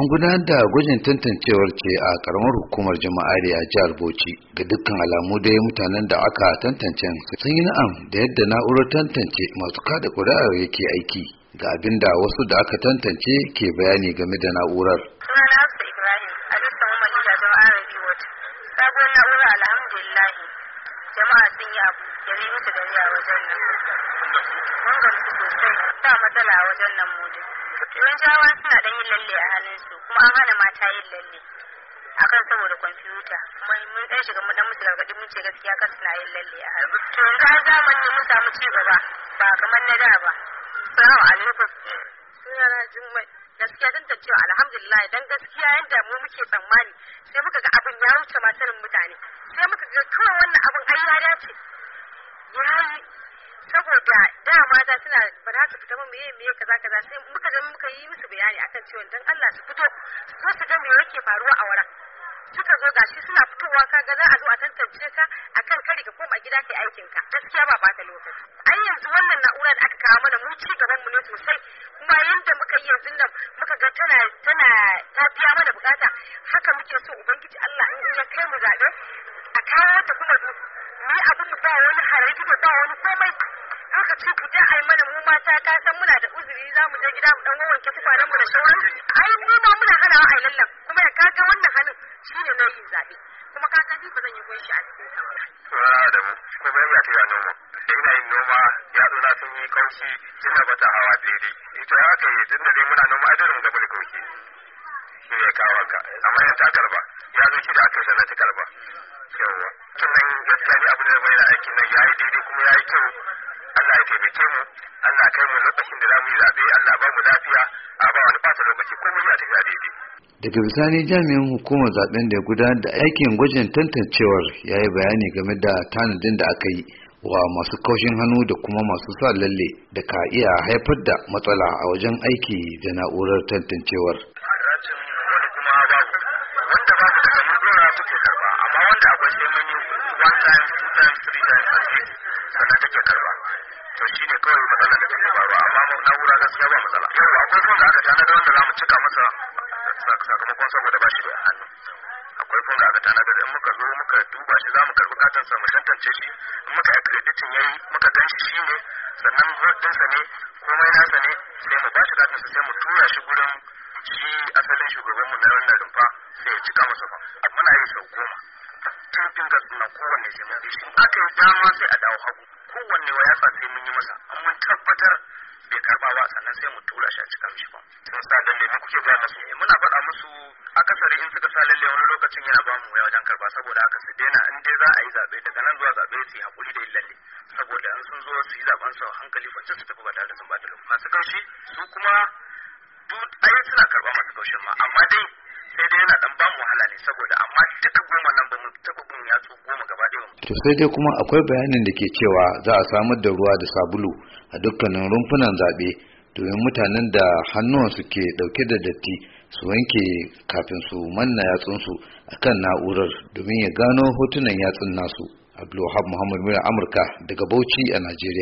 an gudanar da gwajin tantancewar ce a karamar hukumar jama'ari a jihar bauchi ga dukkan alamu da ya mutanen da aka tantance sun yi na'am da yadda na'urar tantance masu kada kuri'ar yake aiki ga abin da wasu da aka tantance ke bayani game da na'urar jama'a sun yi abu a wajen nan sosai matsala a wajen nan mu Yan jawa suna da yin lalle a su kuma an hana mata yin lalle akan saboda kwamfuta kuma mun ɗan shiga mu dan musu gargaɗi mun ce gaskiya kan suna yin lalle a hannu. To yanzu har zamani mun samu ci gaba ba kamar na da ba. Salamu alaikum. Sunana Jummai. gaskiya don ta cewa alhamdulillah dan gaskiya yadda mu muke tsammani sai muka ga abin ya wuce masanin mutane sai muka ga kawai wannan abin ai ya dace ya yi saboda dama ta suna ba za su fita mu meye meye kaza kaza sai muka ga muka yi musu bayani akan cewa dan Allah su fito su su ga me yake faruwa a wurin suka zo gashi suna fitowa ka ga za a zo a tantance ka akan kare ka koma gida kai aikin ka gaskiya ba bata lokaci ai yanzu wannan na'ura da aka kawo mana mu ci gaban mu ne sosai kuma yanda muka yi yanzu nan muka ga tana tana ta biya mana bukata haka muke so ubangiji Allah in ya kai mu zabe a kawo ta kuma ni abin mu ba wani harari da ba wani komai haka ce ku je ai mana mu mata ka san muna da uzuri za mu je gida mu dan wanke tukwanen mu da sauran ai mu ma muna wa ai nan kuma ya kaga wannan halin shine na yin zabe kuma ka ga ba zan yi goyon shi a cikin sa ba ah, da mu kuma bai ya ce ya noma da ina yin noma ya dora sun yi kaushi ina bata hawa daidai ita haka yi tun da dai muna noma a durin da bulkoki shi ne kawo haka amma yan ta karba ya zo shi da aka sanar ta karba yawwa gaskiya ne abu da zama yana aikin nan yayi daidai kuma ya yi kyau Allah ya taimake mu Allah kai mu lokacin da za mu yi zaɓe Allah ba mu lafiya a ba wani ɓata lokaci ko mu yi a tafiya daidai. Daga bisani jami'in hukumar zaben da ya gudanar da aikin gwajin tantancewar ya yi bayani game da tanadin da aka yi wa masu kaushin hannu da kuma masu sa lalle da ka iya haifar da matsala a wajen aiki da na'urar tantancewar. Wanda ba take karba amma wanda akwai sai mun yi one time two time three time a day sannan take karba to shi ne kawai matsala da take faruwa amma mun na'ura gaskiya ba matsala yau akwai fon da aka tanada wanda za mu cika masa sakamakon saboda ba shi da hannu akwai fon da aka tanada da in muka zo muka duba shi za mu karbi sa mu tantance shi in muka yi kreditin yayi muka gan shi shi ne sannan vote ne komai nasa ne sai mu ba shi sa sai mu tura shi gurin shi asalin shugaban mu na wannan rumfa sai ya ci kama masa ba muna yin sau goma tun dinga suna kowanne sai mun shi aka yi dama sai a dawo hagu kowanne wa yatsa sai mun yi masa mun tabbatar bai karɓa ba sannan sai mu tura shi a cika shi ba sun sa lalle mu kuke ga ne. muna faɗa musu akasari in suka sa lalle wani lokacin yana ba mu ya wajen karba saboda aka su daina in dai za a yi zaɓe daga nan zuwa zaɓe su yi haƙuri da yin lalle saboda in sun zo su yi zaɓen su hankali kwance su tafi ba tare da sun ba da lokaci masu kaushi su kuma ayi suna karɓa masu gaushin ma amma dai sai dai yana dan bamu wahala ne saboda amma duka goma nan ba taɓa bin yatsu goma gaba ɗaya to sai dai kuma akwai bayanin da ke cewa za a samar da ruwa da sabulu a dukkanin rumfunan zaɓe domin mutanen da hannuwansu ke ɗauke da datti su wanke kafin su manna yatsunsu akan na'urar domin ya gano hotunan yatsun nasu Abdulwahab Muhammad Mura Amurka daga Bauchi a Najeriya.